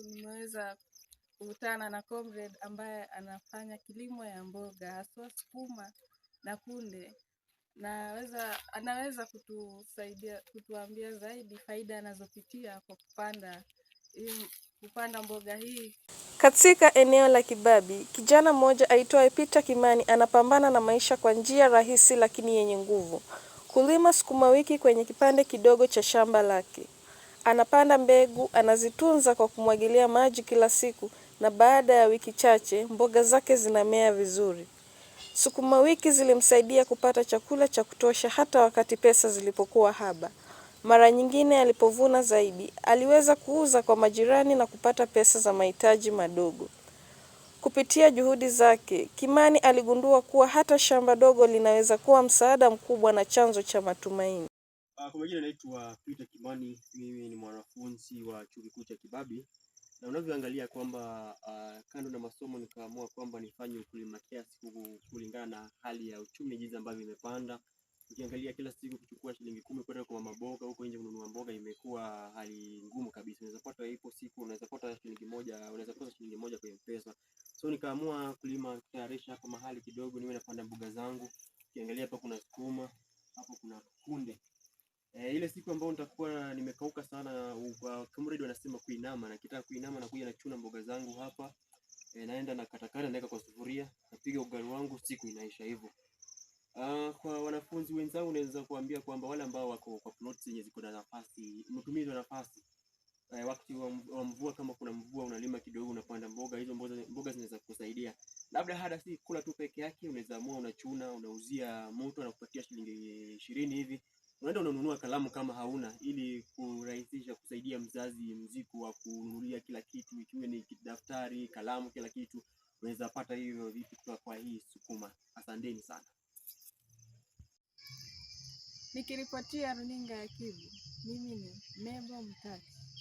nimeweza kukutana na comrade ambaye anafanya kilimo ya mboga haswa sukuma na kunde. Naweza, anaweza kutusaidia kutuambia zaidi faida anazopitia kwa kupanda kupanda mboga hii. Katika eneo la Kibabi, kijana mmoja aitwaye Peter Kimani anapambana na maisha kwa njia rahisi lakini yenye nguvu: kulima sukuma wiki kwenye kipande kidogo cha shamba lake. Anapanda mbegu, anazitunza kwa kumwagilia maji kila siku na baada ya wiki chache mboga zake zinamea vizuri. Sukuma wiki zilimsaidia kupata chakula cha kutosha hata wakati pesa zilipokuwa haba. Mara nyingine alipovuna zaidi, aliweza kuuza kwa majirani na kupata pesa za mahitaji madogo. Kupitia juhudi zake, Kimani aligundua kuwa hata shamba dogo linaweza kuwa msaada mkubwa na chanzo cha matumaini. Ah, kwa majina naitwa Peter Kimani, mimi ni mwanafunzi wa Chuo Kikuu cha Kibabi, na unavyoangalia kwamba uh, kando na masomo nikaamua kwamba nifanye ukulima kiasi kulingana na hali ya uchumi jinsi ambavyo imepanda. Ukiangalia kila siku kuchukua shilingi kumi kwenda kwa maboga huko nje kununua mboga imekuwa hali ngumu kabisa. Unaweza pata ipo siku unaweza pata shilingi moja, unaweza pata shilingi moja kwa pesa So nikaamua kulima kutayarisha hapo mahali kidogo niwe napanda mboga zangu. Ukiangalia hapa kuna sukuma, hapo kuna kunde. E, ile siku ambayo nitakuwa nimekauka sana kwa comrade wanasema kuinama, na kitaka kuinama na kuja nachuna mboga zangu hapa e, naenda na katakata naweka kwa sufuria, napiga ugali wangu, siku inaisha hivyo. Uh, kwa wanafunzi wenzangu naweza kuambia kwamba wale ambao wako kwa plots zenye ziko na nafasi, mtumizi wa nafasi e, wakati wa mvua, kama kuna mvua, unalima kidogo, unapanda mboga hizo, mboga, mboga zinaweza kukusaidia labda hata si kula tu peke yake, unaweza amua unachuna, unauzia mtu anakupatia shilingi ishirini hivi unaenda unanunua kalamu kama hauna, ili kurahisisha kusaidia mzazi mziko wa kununulia kila kitu, ikiwe ni daftari, kalamu, kila kitu. Unaweza pata hivyo vitu kutoka kwa hii Sukuma. Asanteni sana. Nikiripotia runinga ya Kivu, mimi ni Mebo Mtaki.